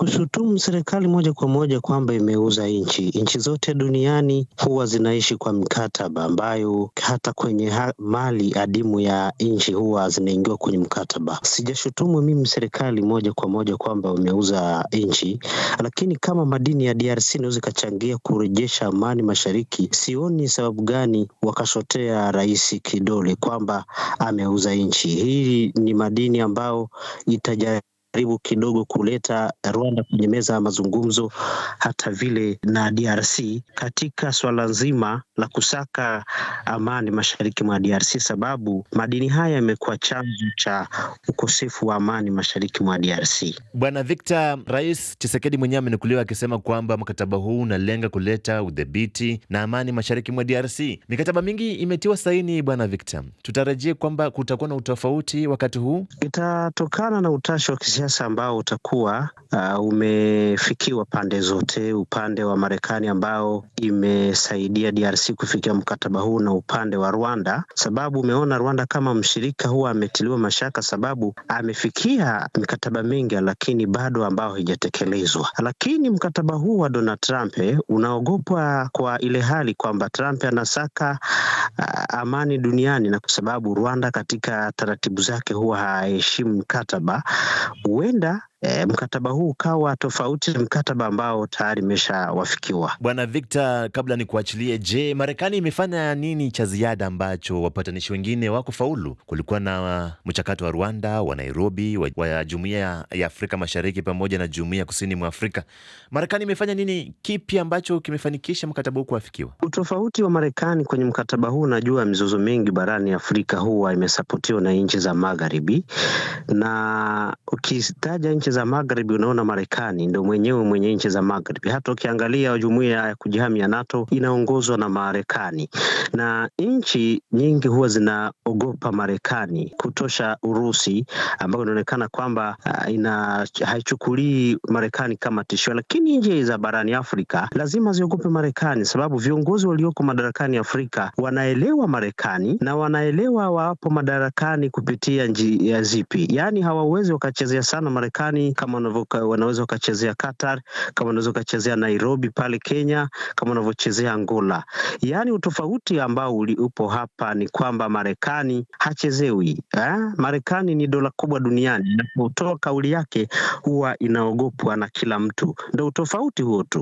kushutumu serikali moja kwa moja kwamba imeuza nchi. Nchi zote duniani huwa zinaishi kwa mkataba ambayo hata kwenye ha mali adimu ya nchi huwa zinaingiwa kwenye mkataba. Sijashutumu mimi serikali moja kwa moja kwamba umeuza nchi, lakini kama madini ya DRC inaweza ikachangia kurejesha amani mashariki, sioni sababu gani wakashotea rais kidole kwamba ameuza nchi. Hii ni madini ambayo itaja jaribu kidogo kuleta Rwanda kwenye meza ya mazungumzo, hata vile na DRC katika swala nzima la kusaka amani mashariki mwa DRC, sababu madini haya yamekuwa chanzo cha ukosefu wa amani mashariki mwa DRC. Bwana Victor, Rais chisekedi mwenyewe amenukuliwa akisema kwamba mkataba huu unalenga kuleta udhibiti na amani mashariki mwa DRC. Mikataba mingi imetiwa saini, Bwana Victor, tutarajie kwamba kutakuwa na utofauti wakati huu, itatokana na utashi wa mwanasiasa ambao utakuwa uh, umefikiwa pande zote, upande wa Marekani ambao imesaidia DRC kufikia mkataba huu na upande wa Rwanda, sababu umeona Rwanda kama mshirika huwa ametiliwa mashaka, sababu amefikia mikataba mingi, lakini bado ambao haijatekelezwa. Lakini mkataba huu wa Donald Trump eh, unaogopwa kwa ile hali kwamba Trump anasaka uh, amani duniani, na kwa sababu Rwanda katika taratibu zake huwa haheshimu mkataba huenda E, mkataba huu ukawa tofauti mkataba ambao tayari imeshawafikiwa. Bwana Victor, kabla ni kuachilie, je, Marekani imefanya nini cha ziada ambacho wapatanishi wengine wako faulu? Kulikuwa na mchakato wa Rwanda, wa Nairobi, wa, wa jumuiya ya Afrika Mashariki pamoja na jumuiya kusini mwa Afrika. Marekani imefanya nini kipi ambacho kimefanikisha mkataba huu kuafikiwa? Utofauti wa Marekani kwenye mkataba huu, najua mizozo mingi barani Afrika huwa imesapotiwa na nchi za magharibi, na ukitaja nchi nchi za magharibi, unaona Marekani ndo mwenyewe mwenye nchi za magharibi. Hata ukiangalia jumuiya ya kujihami ya NATO inaongozwa na Marekani, na nchi nyingi huwa zinaogopa Marekani kutosha Urusi, ambayo inaonekana kwamba uh, ina haichukulii Marekani kama tishio, lakini nje za barani Afrika lazima ziogope Marekani sababu viongozi walioko madarakani Afrika wanaelewa Marekani na wanaelewa wapo madarakani kupitia njia zipi, yaani hawawezi wakachezea sana Marekani Marekani, kama wanaweza wakachezea Qatar, kama wanaweza wakachezea Nairobi pale Kenya, kama wanavyochezea Angola. Yaani utofauti ambao upo hapa ni kwamba Marekani hachezewi eh? Marekani ni dola kubwa duniani, inapotoa kauli yake huwa inaogopwa na kila mtu. Ndo utofauti huo tu.